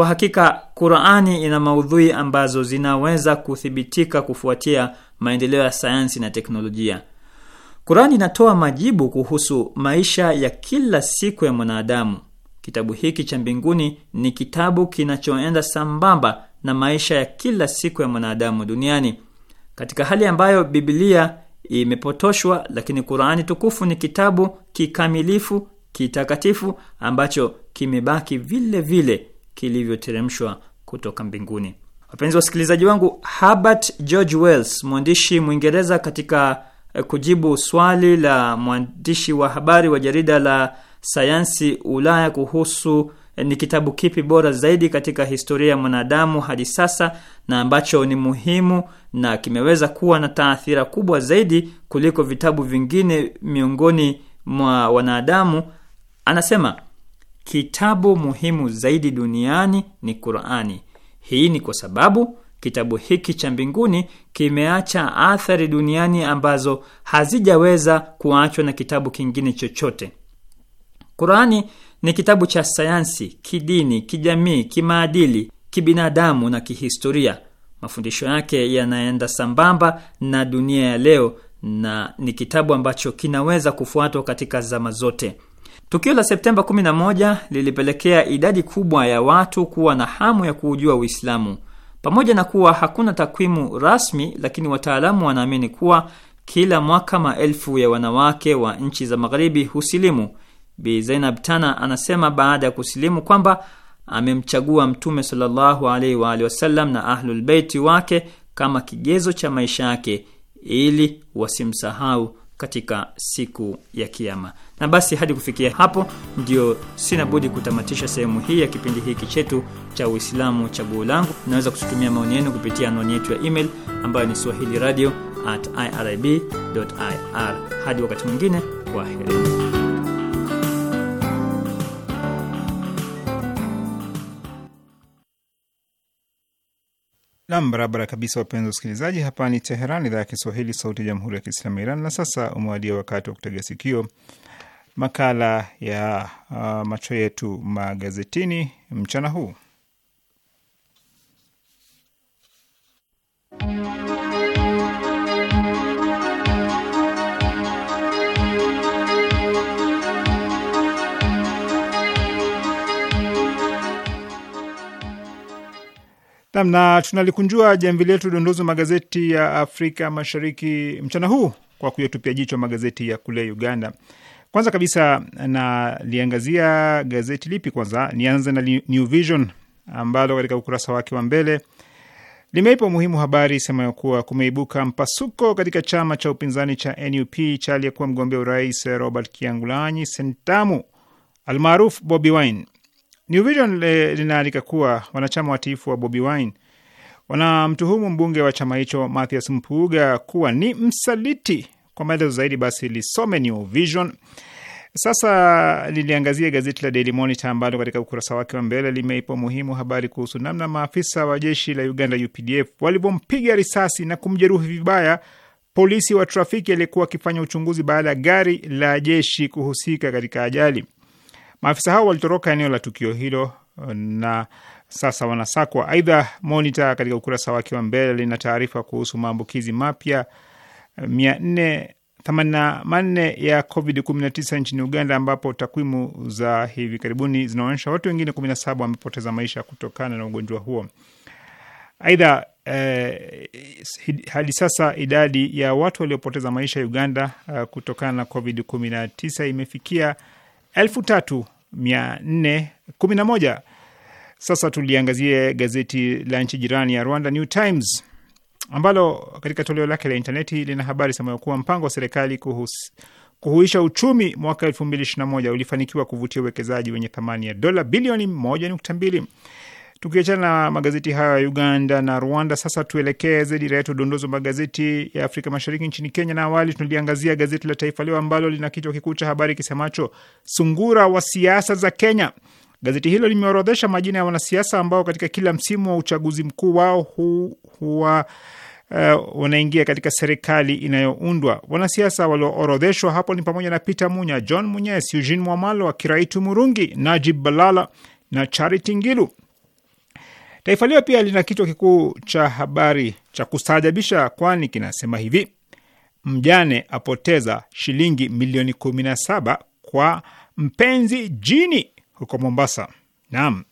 Kwa hakika Qur'ani ina maudhui ambazo zinaweza kuthibitika kufuatia maendeleo ya sayansi na teknolojia. Qur'ani inatoa majibu kuhusu maisha ya kila siku ya mwanadamu. Kitabu hiki cha mbinguni ni kitabu kinachoenda sambamba na maisha ya kila siku ya mwanadamu duniani. Katika hali ambayo Biblia imepotoshwa, lakini Qur'ani tukufu ni kitabu kikamilifu, kitakatifu ambacho kimebaki vile vile kilivyoteremshwa kutoka mbinguni. Wapenzi wasikilizaji wangu, Herbert George Wells, mwandishi Mwingereza, katika eh, kujibu swali la mwandishi wa habari wa jarida la sayansi Ulaya kuhusu eh, ni kitabu kipi bora zaidi katika historia ya mwanadamu hadi sasa na ambacho ni muhimu na kimeweza kuwa na taathira kubwa zaidi kuliko vitabu vingine miongoni mwa wanadamu, anasema kitabu muhimu zaidi duniani ni Qur'ani. Hii ni kwa sababu kitabu hiki cha mbinguni kimeacha athari duniani ambazo hazijaweza kuachwa na kitabu kingine chochote. Qur'ani ni kitabu cha sayansi, kidini, kijamii, kimaadili, kibinadamu na kihistoria. Mafundisho yake yanaenda sambamba na dunia ya leo na ni kitabu ambacho kinaweza kufuatwa katika zama zote. Tukio la Septemba 11 lilipelekea idadi kubwa ya watu kuwa na hamu ya kuujua Uislamu. Pamoja na kuwa hakuna takwimu rasmi, lakini wataalamu wanaamini kuwa kila mwaka maelfu ya wanawake wa nchi za magharibi husilimu. Bi Zainab Tana anasema baada ya kusilimu kwamba amemchagua Mtume sallallahu alaihi wa alihi wasallam na Ahlulbeiti wake kama kigezo cha maisha yake ili wasimsahau katika siku ya kiama Na basi hadi kufikia hapo, ndio sina budi kutamatisha sehemu hii ya kipindi hiki chetu cha Uislamu Chaguo Langu. Naweza kututumia maoni yenu kupitia anwani yetu ya email ambayo ni swahili radio at irib.ir. Hadi wakati mwingine, kwaherini. Nam, barabara kabisa, wapenzi wasikilizaji, hapa ni Teheran, idhaa ya Kiswahili, sauti ya jamhuri ya kiislamu ya Iran. Na sasa umewadia wakati wa kutega sikio makala ya uh, macho yetu magazetini mchana huu. Nam, na tunalikunjua jamvi letu dondozi magazeti ya Afrika Mashariki mchana huu kwa kuyatupia jicho magazeti ya kule Uganda. Kwanza kabisa naliangazia gazeti lipi? Kwanza nianze na New Vision ambalo katika ukurasa wake wa mbele limeipa umuhimu habari isemayo kuwa kumeibuka mpasuko katika chama cha upinzani cha NUP cha aliyekuwa mgombea urais Robert Kiangulanyi Sentamu almaarufu Bobi Wine New Vision linaandika kuwa wanachama watiifu wa Bobi Wine wanamtuhumu mbunge wa chama hicho Mathias Mpuuga kuwa ni msaliti. Kwa maelezo zaidi, basi lisome New Vision. Sasa liliangazia gazeti la Daily Monitor ambalo katika ukurasa wake wa mbele limeipa umuhimu habari kuhusu namna maafisa wa jeshi la Uganda UPDF walivyompiga risasi na kumjeruhi vibaya polisi wa trafiki aliyekuwa akifanya uchunguzi baada ya gari la jeshi kuhusika katika ajali. Maafisa hao walitoroka eneo la tukio hilo uh, na sasa wanasakwa. Aidha, Monita katika ukurasa wake wa mbele lina taarifa kuhusu maambukizi mapya uh, mia nne manne ya Covid 19 nchini Uganda, ambapo takwimu za hivi karibuni zinaonyesha watu wengine 17 wamepoteza maisha kutokana na ugonjwa huo. Aidha, eh, hadi sasa idadi ya watu waliopoteza maisha Uganda uh, kutokana na Covid 19 imefikia elfu tatu mia nne kumi na moja. Sasa tuliangazia gazeti la nchi jirani ya Rwanda, New Times, ambalo katika toleo lake la intaneti lina habari semayo kuwa mpango wa serikali kuhusu kuhuisha uchumi mwaka 2021 ulifanikiwa kuvutia uwekezaji wenye thamani ya dola bilioni 1.2. Tukiachana na magazeti hayo ya Uganda na Rwanda, sasa tuelekeze dira yetu udondozi wa magazeti ya Afrika Mashariki nchini Kenya, na awali tunaliangazia gazeti la Taifa Leo ambalo lina kichwa kikuu cha habari kisemacho sungura wa siasa za Kenya. Gazeti hilo limeorodhesha majina ya wanasiasa ambao katika kila msimu wa uchaguzi mkuu wao hu, huwa uh, wanaingia katika serikali inayoundwa. Wanasiasa walioorodheshwa hapo ni pamoja na Peter Munya, John Munyes, Eugene Mwamalo, Kiraitu Murungi, Najib Balala na Charity Ngilu. Taifa Leo pia lina kichwa kikuu cha habari cha kustaajabisha, kwani kinasema hivi: mjane apoteza shilingi milioni kumi na saba kwa mpenzi jini huko Mombasa. Naam.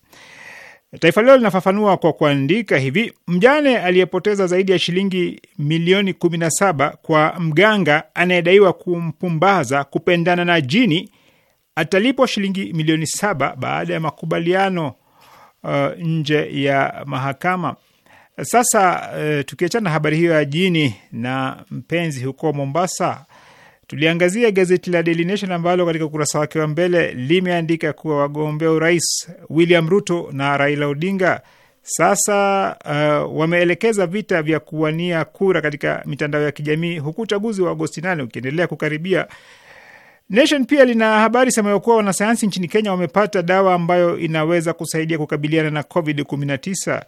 Taifa Leo linafafanua kwa kuandika hivi: mjane aliyepoteza zaidi ya shilingi milioni 17 kwa mganga anayedaiwa kumpumbaza kupendana na jini atalipwa shilingi milioni saba baada ya makubaliano uh, nje ya mahakama. Sasa uh, tukiachana habari hiyo ya jini na mpenzi, huko Mombasa tuliangazia gazeti la Daily Nation ambalo katika ukurasa wake wa mbele limeandika kuwa wagombea urais William Ruto na Raila Odinga sasa uh, wameelekeza vita vya kuwania kura katika mitandao ya kijamii huku uchaguzi wa Agosti 8 ukiendelea kukaribia. Nation pia lina habari semayo kuwa wanasayansi nchini Kenya wamepata dawa ambayo inaweza kusaidia kukabiliana na COVID-19.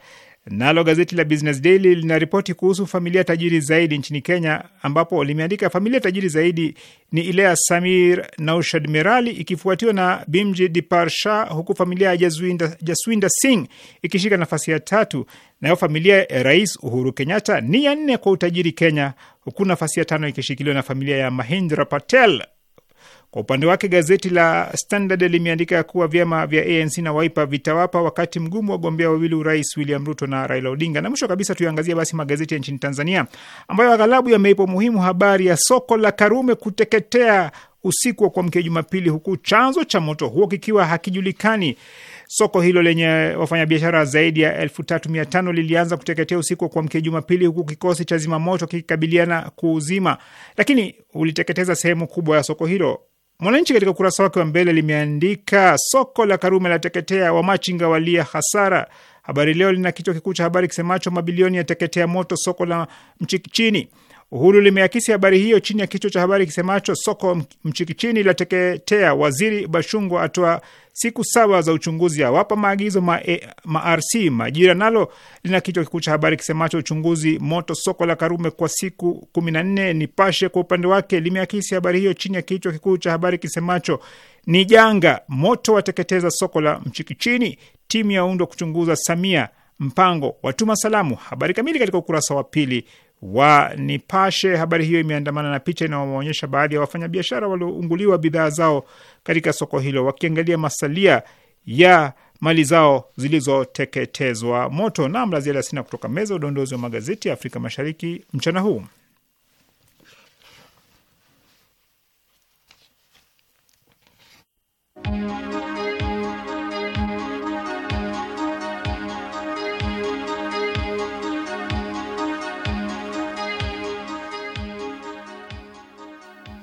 Nalo gazeti la Business Daily lina ripoti kuhusu familia tajiri zaidi nchini Kenya, ambapo limeandika familia tajiri zaidi ni ile ya Samir Naushad Mirali ikifuatiwa na Bimji Dipar Shah, huku familia ya Jaswinda, Jaswinda Singh ikishika nafasi ya tatu, nayo familia ya Rais Uhuru Kenyatta ni ya nne kwa utajiri Kenya, huku nafasi ya tano ikishikiliwa na familia ya Mahindra Patel kwa upande wake gazeti la Standard limeandika kuwa vyama vya ANC na Wiper vitawapa wakati mgumu wagombea wawili urais William Ruto na Raila Odinga. Na mwisho kabisa tuiangazia basi magazeti ya nchini Tanzania ambayo aghalabu yameipa umuhimu habari ya soko la Karume kuteketea usiku wa kuamkia Jumapili, huku chanzo cha moto huo kikiwa hakijulikani. Soko hilo lenye wafanyabiashara zaidi ya elfu tatu mia tano lilianza kuteketea usiku wa kuamkia Jumapili, huku kikosi cha zimamoto kikikabiliana kuuzima, lakini uliteketeza sehemu kubwa ya soko hilo. Mwananchi katika ukurasa wake wa mbele limeandika soko la Karume la teketea, wamachinga walia hasara. Habari Leo lina kichwa kikuu cha habari kisemacho mabilioni ya teketea moto soko la Mchikichini. Uhuru limeakisi habari hiyo chini ya kichwa cha habari kisemacho soko mchikichini lateketea, waziri Bashungwa atoa siku saba za uchunguzi, awapa maagizo ma e, ma Majira nalo lina kichwa kikuu cha habari kisemacho uchunguzi moto soko la Karume kwa siku kumi na nne. Nipashe kwa upande wake limeakisi habari hiyo chini ya kichwa kikuu cha habari kisemacho ni janga moto wateketeza soko la Mchikichini, timu yaundwa kuchunguza Samia mpango watuma salamu. Habari kamili katika ukurasa wa pili wa Nipashe. Habari hiyo imeandamana na picha inayowaonyesha baadhi ya wafanyabiashara waliounguliwa bidhaa zao katika soko hilo wakiangalia masalia ya mali zao zilizoteketezwa moto. na mrazia lasina kutoka meza udondozi wa magazeti ya Afrika Mashariki mchana huu.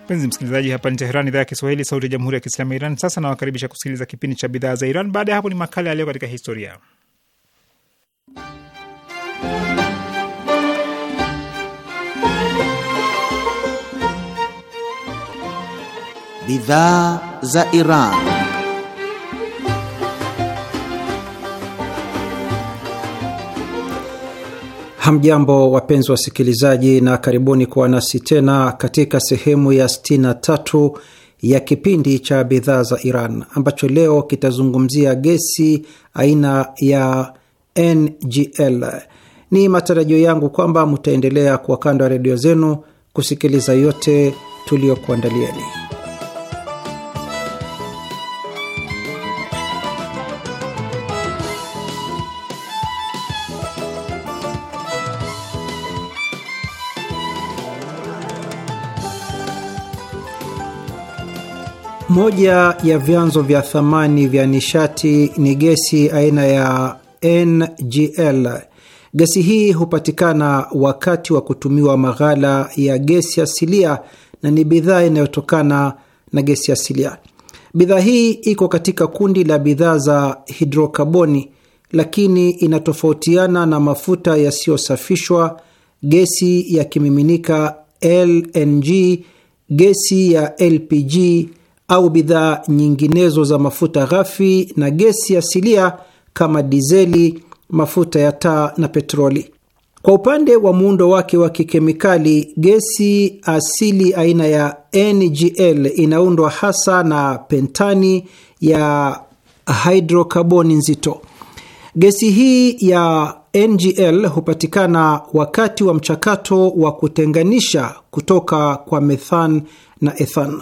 Mpenzi msikilizaji, hapa ni teheran idhaa ya Kiswahili, sauti ya jamhuri ya kiislamu ya Iran. Sasa nawakaribisha kusikiliza kipindi cha bidhaa za Iran. Baada ya hapo ni makala ya leo katika historia. Bidhaa za Iran. Hamjambo, wapenzi wasikilizaji, na karibuni kuwa nasi tena katika sehemu ya 63 ya kipindi cha bidhaa za Iran ambacho leo kitazungumzia gesi aina ya NGL. Ni matarajio yangu kwamba mtaendelea kuwa kando ya redio zenu kusikiliza yote tuliyokuandalieni. Moja ya vyanzo vya thamani vya nishati ni gesi aina ya NGL. Gesi hii hupatikana wakati wa kutumiwa maghala ya gesi asilia na ni bidhaa inayotokana na gesi asilia. Bidhaa hii iko katika kundi la bidhaa za hidrokaboni, lakini inatofautiana na mafuta yasiyosafishwa, gesi ya kimiminika LNG, gesi ya LPG au bidhaa nyinginezo za mafuta ghafi na gesi asilia kama dizeli, mafuta ya taa na petroli. Kwa upande wa muundo wake wa kikemikali, gesi asili aina ya NGL inaundwa hasa na pentani ya hidrokaboni nzito. Gesi hii ya NGL hupatikana wakati wa mchakato wa kutenganisha kutoka kwa methan na ethan.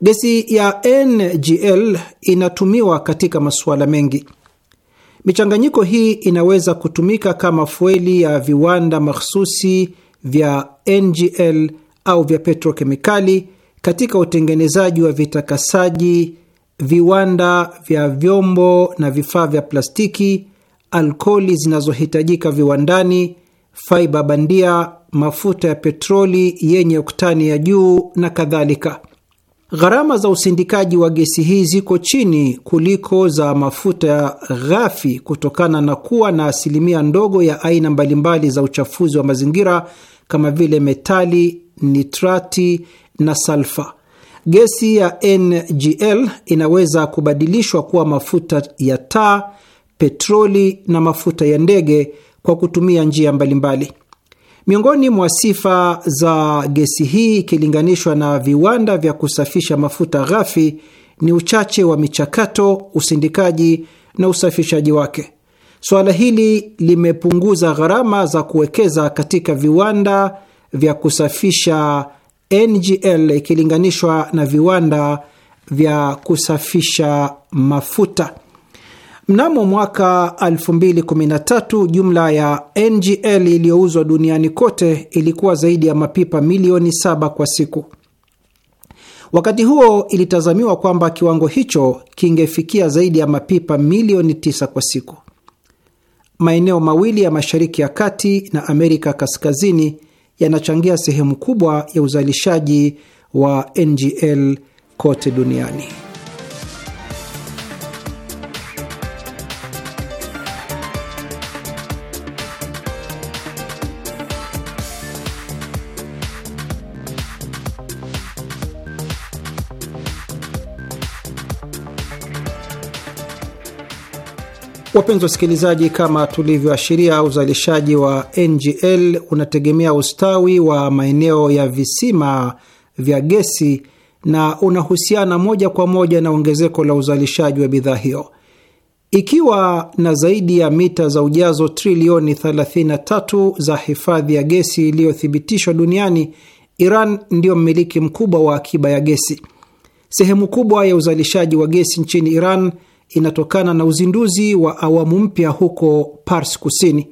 Gesi ya NGL inatumiwa katika masuala mengi. Michanganyiko hii inaweza kutumika kama fueli ya viwanda mahsusi vya NGL au vya petrokemikali katika utengenezaji wa vitakasaji, viwanda vya vyombo na vifaa vya plastiki, alkoli zinazohitajika viwandani, faiba bandia, mafuta ya petroli yenye oktani ya juu na kadhalika. Gharama za usindikaji wa gesi hii ziko chini kuliko za mafuta ghafi kutokana na kuwa na asilimia ndogo ya aina mbalimbali za uchafuzi wa mazingira kama vile metali, nitrati na salfa. Gesi ya NGL inaweza kubadilishwa kuwa mafuta ya taa, petroli na mafuta ya ndege kwa kutumia njia mbalimbali mbali. Miongoni mwa sifa za gesi hii ikilinganishwa na viwanda vya kusafisha mafuta ghafi ni uchache wa michakato, usindikaji na usafishaji wake. Suala hili limepunguza gharama za kuwekeza katika viwanda vya kusafisha NGL ikilinganishwa na viwanda vya kusafisha mafuta. Mnamo mwaka 2013 jumla ya NGL iliyouzwa duniani kote ilikuwa zaidi ya mapipa milioni saba kwa siku. Wakati huo ilitazamiwa kwamba kiwango hicho kingefikia zaidi ya mapipa milioni tisa kwa siku. Maeneo mawili ya Mashariki ya Kati na Amerika Kaskazini yanachangia sehemu kubwa ya uzalishaji wa NGL kote duniani. Wapenzi wasikilizaji, kama tulivyoashiria, uzalishaji wa NGL unategemea ustawi wa maeneo ya visima vya gesi na unahusiana moja kwa moja na ongezeko la uzalishaji wa bidhaa hiyo. Ikiwa na zaidi ya mita za ujazo trilioni 33 za hifadhi ya gesi iliyothibitishwa duniani, Iran ndiyo mmiliki mkubwa wa akiba ya gesi. Sehemu kubwa ya uzalishaji wa gesi nchini Iran inatokana na uzinduzi wa awamu mpya huko Pars Kusini.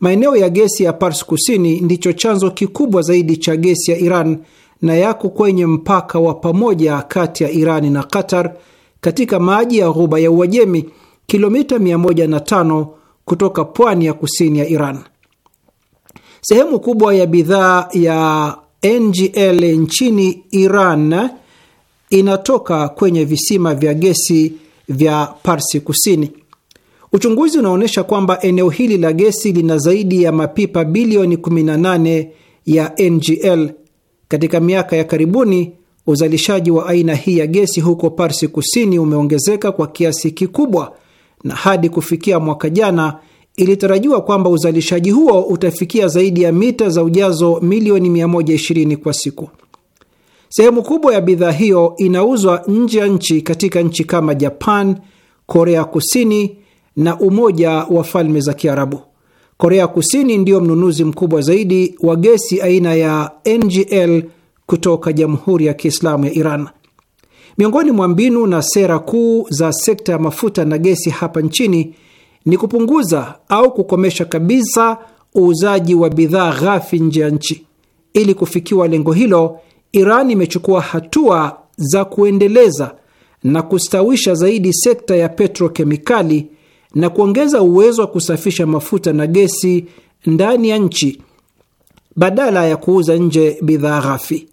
Maeneo ya gesi ya Pars Kusini ndicho chanzo kikubwa zaidi cha gesi ya Iran na yako kwenye mpaka wa pamoja kati ya Irani na Qatar katika maji ya ghuba ya Uajemi, kilomita 105 kutoka pwani ya kusini ya Iran. Sehemu kubwa ya bidhaa ya NGL nchini Iran inatoka kwenye visima vya gesi vya Parsi Kusini. Uchunguzi unaonyesha kwamba eneo hili la gesi lina zaidi ya mapipa bilioni 18 ya NGL. Katika miaka ya karibuni, uzalishaji wa aina hii ya gesi huko Parsi Kusini umeongezeka kwa kiasi kikubwa, na hadi kufikia mwaka jana ilitarajiwa kwamba uzalishaji huo utafikia zaidi ya mita za ujazo milioni 120 kwa siku. Sehemu kubwa ya bidhaa hiyo inauzwa nje ya nchi katika nchi kama Japan, Korea Kusini na Umoja wa Falme za Kiarabu. Korea Kusini ndiyo mnunuzi mkubwa zaidi wa gesi aina ya NGL kutoka Jamhuri ya Kiislamu ya Iran. Miongoni mwa mbinu na sera kuu za sekta ya mafuta na gesi hapa nchini ni kupunguza au kukomesha kabisa uuzaji wa bidhaa ghafi nje ya nchi. Ili kufikiwa lengo hilo, Iran imechukua hatua za kuendeleza na kustawisha zaidi sekta ya petrokemikali na kuongeza uwezo wa kusafisha mafuta na gesi ndani ya nchi badala ya kuuza nje bidhaa ghafi.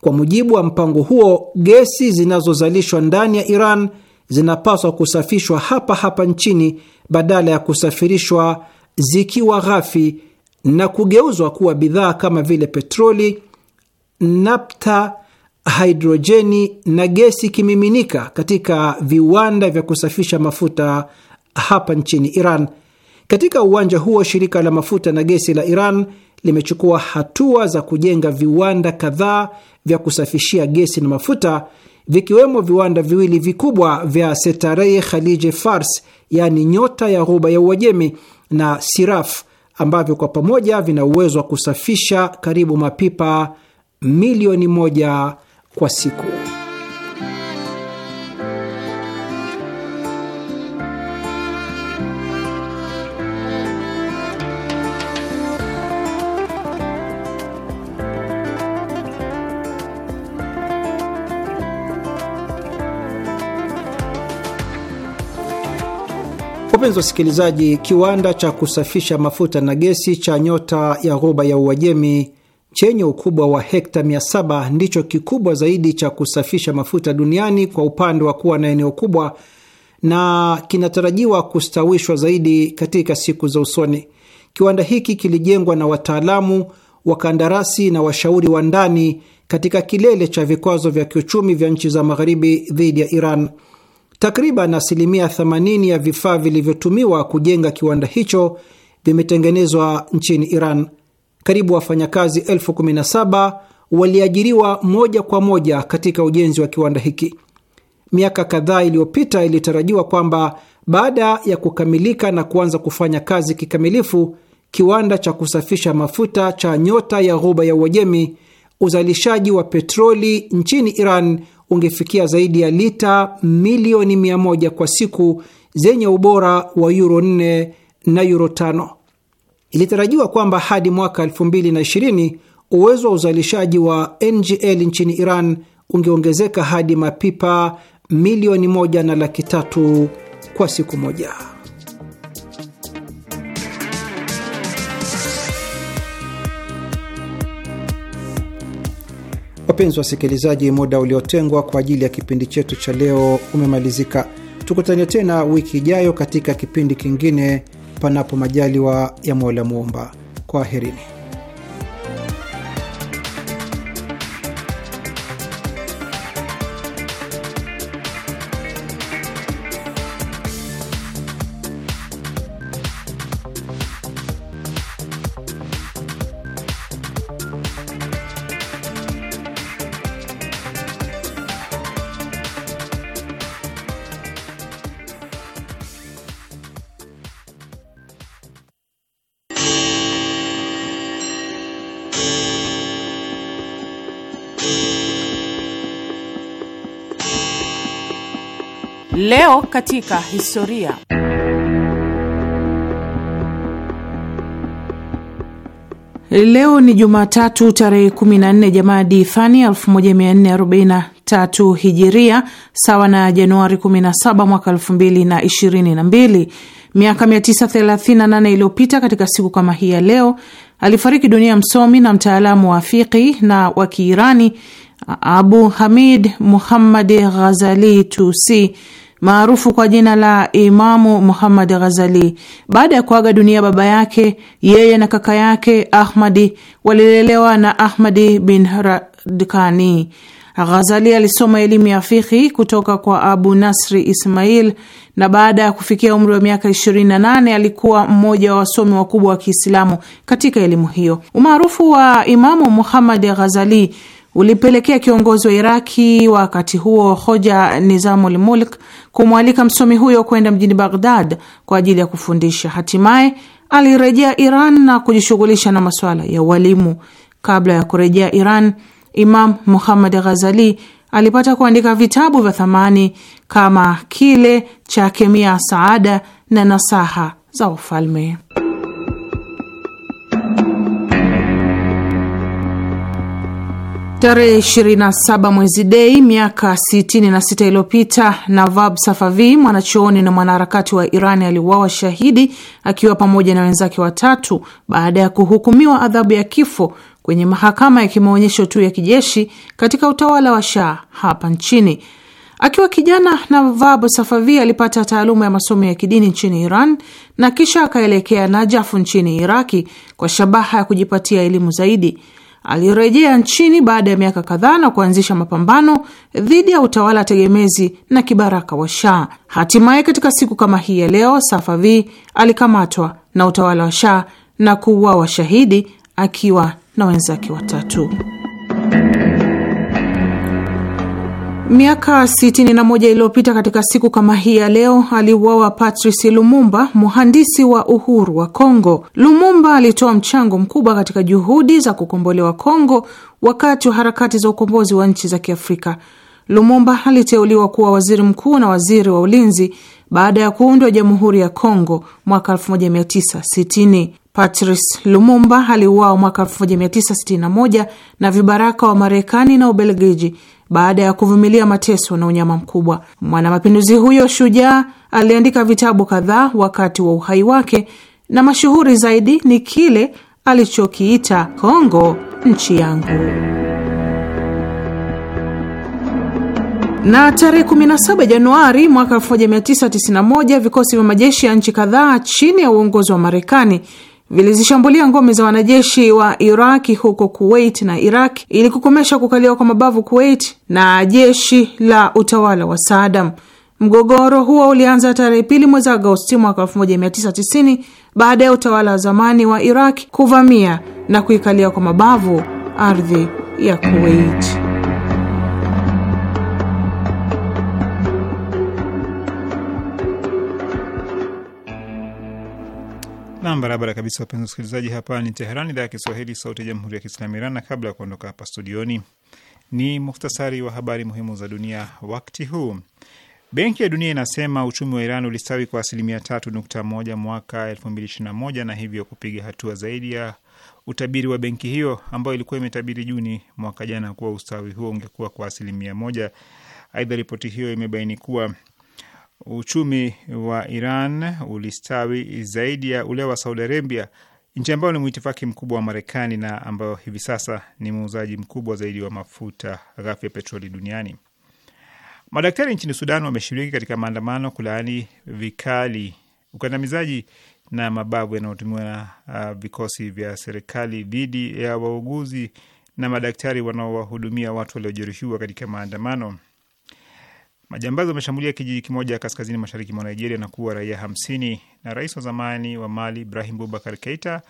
Kwa mujibu wa mpango huo, gesi zinazozalishwa ndani ya Iran zinapaswa kusafishwa hapa hapa nchini badala ya kusafirishwa zikiwa ghafi na kugeuzwa kuwa bidhaa kama vile petroli, napta, hidrojeni na gesi kimiminika katika viwanda vya kusafisha mafuta hapa nchini Iran. Katika uwanja huo, shirika la mafuta na gesi la Iran limechukua hatua za kujenga viwanda kadhaa vya kusafishia gesi na mafuta vikiwemo viwanda viwili vikubwa vya Setarei Khalije Fars, yaani nyota ya ghuba ya Uajemi, na Siraf ambavyo kwa pamoja vina uwezo wa kusafisha karibu mapipa milioni moja kwa siku. Wapenzi wasikilizaji, kiwanda cha kusafisha mafuta na gesi cha nyota ya ghuba ya Uajemi chenye ukubwa wa hekta 700 ndicho kikubwa zaidi cha kusafisha mafuta duniani kwa upande wa kuwa na eneo kubwa na kinatarajiwa kustawishwa zaidi katika siku za usoni. Kiwanda hiki kilijengwa na wataalamu, wakandarasi na washauri wa ndani katika kilele cha vikwazo vya kiuchumi vya nchi za magharibi dhidi ya Iran. Takriban asilimia 80 ya vifaa vilivyotumiwa kujenga kiwanda hicho vimetengenezwa nchini Iran karibu wafanyakazi elfu kumi na saba waliajiriwa moja kwa moja katika ujenzi wa kiwanda hiki. Miaka kadhaa iliyopita, ilitarajiwa kwamba baada ya kukamilika na kuanza kufanya kazi kikamilifu kiwanda cha kusafisha mafuta cha Nyota ya Ghuba ya Uajemi, uzalishaji wa petroli nchini Iran ungefikia zaidi ya lita milioni mia moja kwa siku zenye ubora wa yuro 4 na yuro 5. Ilitarajiwa kwamba hadi mwaka 2020 uwezo wa uzalishaji wa NGL nchini Iran ungeongezeka hadi mapipa milioni moja na laki tatu kwa siku moja. Wapenzi wasikilizaji, muda uliotengwa kwa ajili ya kipindi chetu cha leo umemalizika. Tukutane tena wiki ijayo katika kipindi kingine panapo majaliwa ya Mola Muumba. Kwaherini. katika historia. Leo ni Jumatatu tarehe 14 Jamadi Thani 1443 Hijiria, sawa na Januari 17 mwaka 2022. Miaka 938 iliyopita katika siku kama hii ya leo alifariki dunia msomi na mtaalamu wa fiqi na wa Kiirani Abu Hamid Muhammad Ghazali Tusi maarufu kwa jina la Imamu Muhammad Ghazali. Baada ya kuaga dunia baba yake, yeye na kaka yake Ahmadi walilelewa na Ahmadi bin Radkani. Ghazali alisoma elimu ya fikhi kutoka kwa Abu Nasri Ismail na baada ya kufikia umri wa miaka 28 alikuwa mmoja wa wasomi wakubwa wa Kiislamu katika elimu hiyo. Umaarufu wa Imamu Muhammad Ghazali ulipelekea kiongozi wa Iraki wakati huo hoja Nizamul Mulk kumwalika msomi huyo kwenda mjini Baghdad kwa ajili ya kufundisha. Hatimaye alirejea Iran na kujishughulisha na masuala ya ualimu. Kabla ya kurejea Iran, Imam Muhammad Ghazali alipata kuandika vitabu vya thamani kama kile cha Kemia Saada na Nasaha za Ufalme. Tarehe 27 mwezi Dei miaka 66 iliyopita Navab Safavi, mwanachuoni na mwanaharakati wa Irani, aliuawa shahidi akiwa pamoja na wenzake watatu baada ya kuhukumiwa adhabu ya kifo kwenye mahakama ya kimaonyesho tu ya kijeshi katika utawala wa Shah hapa nchini. Akiwa kijana, Navab Safavi alipata taaluma ya masomo ya kidini nchini Iran na kisha akaelekea Najafu nchini Iraki kwa shabaha ya kujipatia elimu zaidi. Alirejea nchini baada ya miaka kadhaa na kuanzisha mapambano dhidi ya utawala tegemezi na kibaraka wa Shah. Hatimaye katika siku kama hii ya leo, Safavi alikamatwa na utawala wa Shah na kuuawa shahidi akiwa na wenzake watatu. Miaka 61 iliyopita katika siku kama hii ya leo aliuawa Patrice Lumumba, mhandisi wa uhuru wa Kongo. Lumumba alitoa mchango mkubwa katika juhudi za kukombolewa Kongo wakati wa harakati za ukombozi wa nchi za Kiafrika. Lumumba aliteuliwa kuwa waziri mkuu na waziri wa ulinzi baada ya kuundwa jamhuri ya Kongo mwaka 1960. Patrice Lumumba aliuawa mwaka 1961 na vibaraka wa Marekani na Ubelgiji baada ya kuvumilia mateso na unyama mkubwa. Mwanamapinduzi huyo shujaa aliandika vitabu kadhaa wakati wa uhai wake, na mashuhuri zaidi ni kile alichokiita Kongo nchi yangu. na tarehe 17 Januari mwaka 1991 vikosi vya majeshi ya nchi kadhaa chini ya uongozi wa Marekani vilizishambulia ngome za wanajeshi wa Iraki huko Kuwait na Iraq ili kukomesha kukaliwa kwa mabavu Kuwait na jeshi la utawala wa Saddam. Mgogoro huo ulianza tarehe pili mwezi Agosti mwaka 1990 baada ya utawala wa zamani wa Iraq kuvamia na kuikalia kwa mabavu ardhi ya Kuwait. Nam, barabara kabisa, wapenzi wasikilizaji, hapa ni Teheran, idhaa ya Kiswahili, sauti ya jamhuri ya kiislamu Iran. Na kabla ya kuondoka hapa studioni, ni muhtasari wa habari muhimu za dunia wakti huu. Benki ya Dunia inasema uchumi wa Iran ulistawi kwa asilimia tatu nukta moja mwaka elfu mbili na moja na hivyo kupiga hatua zaidi ya utabiri wa benki hiyo ambayo ilikuwa imetabiri Juni mwaka jana kuwa ustawi huo ungekuwa kwa asilimia moja. Aidha, ripoti hiyo imebaini kuwa uchumi wa Iran ulistawi zaidi ya ule wa Saudi Arabia, nchi ambayo ni mwitifaki mkubwa wa Marekani na ambayo hivi sasa ni muuzaji mkubwa zaidi wa mafuta ghafi ya petroli duniani. Madaktari nchini Sudan wameshiriki katika maandamano kulaani vikali ukandamizaji na mabavu yanayotumiwa na uh, vikosi vya serikali dhidi ya wauguzi na madaktari wanaowahudumia watu waliojeruhiwa katika maandamano. Majambazi wameshambulia kijiji kimoja kaskazini mashariki mwa Nigeria na kuua raia hamsini. Na rais wa zamani wa Mali Ibrahim Bubakar Keita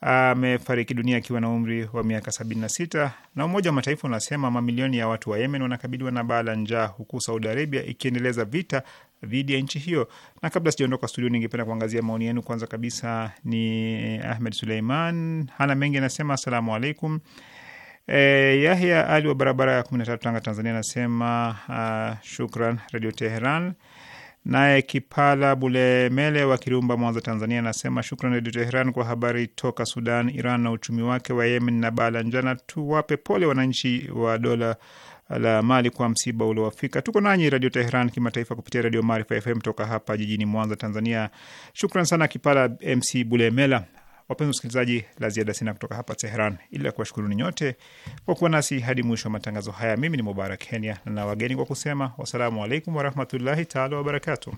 amefariki dunia akiwa na umri wa miaka 76. Na Umoja wa Mataifa unasema mamilioni ya watu wa Yemen wanakabiliwa na baa la njaa, huku Saudi Arabia ikiendeleza vita dhidi ya nchi hiyo. Na kabla sijaondoka studio, ningependa kuangazia maoni yenu. Kwanza kabisa ni Ahmed Suleiman, hana mengi anasema, asalamu alaikum E, Yahya Ali wa barabara ya 13 Tanga, Tanzania anasema uh, shukran Radio Teheran. Naye Kipala Bulemele wa Kirumba, Mwanza, Tanzania anasema shukran Redio Teheran kwa habari toka Sudan, Iran na uchumi wake wa Yemen na bala njana. Tuwape pole wananchi wa dola ah, la Mali kwa msiba uliowafika. Tuko nanyi Redio Teheran kimataifa kupitia Redio Maarifa FM toka hapa jijini Mwanza, Tanzania. Shukran sana Kipala MC Bulemela. Wapenzi wasikilizaji, la ziada sina kutoka hapa Teheran, ila kuwashukuruni nyote kwa kuwa nasi hadi mwisho wa matangazo haya. Mimi ni Mubarak Kenya na na wageni kwa kusema wassalamu alaikum warahmatullahi taala wabarakatu.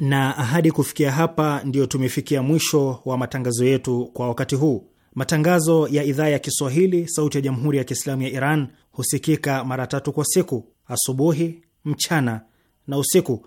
Na hadi kufikia hapa, ndiyo tumefikia mwisho wa matangazo yetu kwa wakati huu. Matangazo ya idhaa ya Kiswahili sauti ya jamhuri ya Kiislamu ya Iran husikika mara tatu kwa siku: asubuhi, mchana na usiku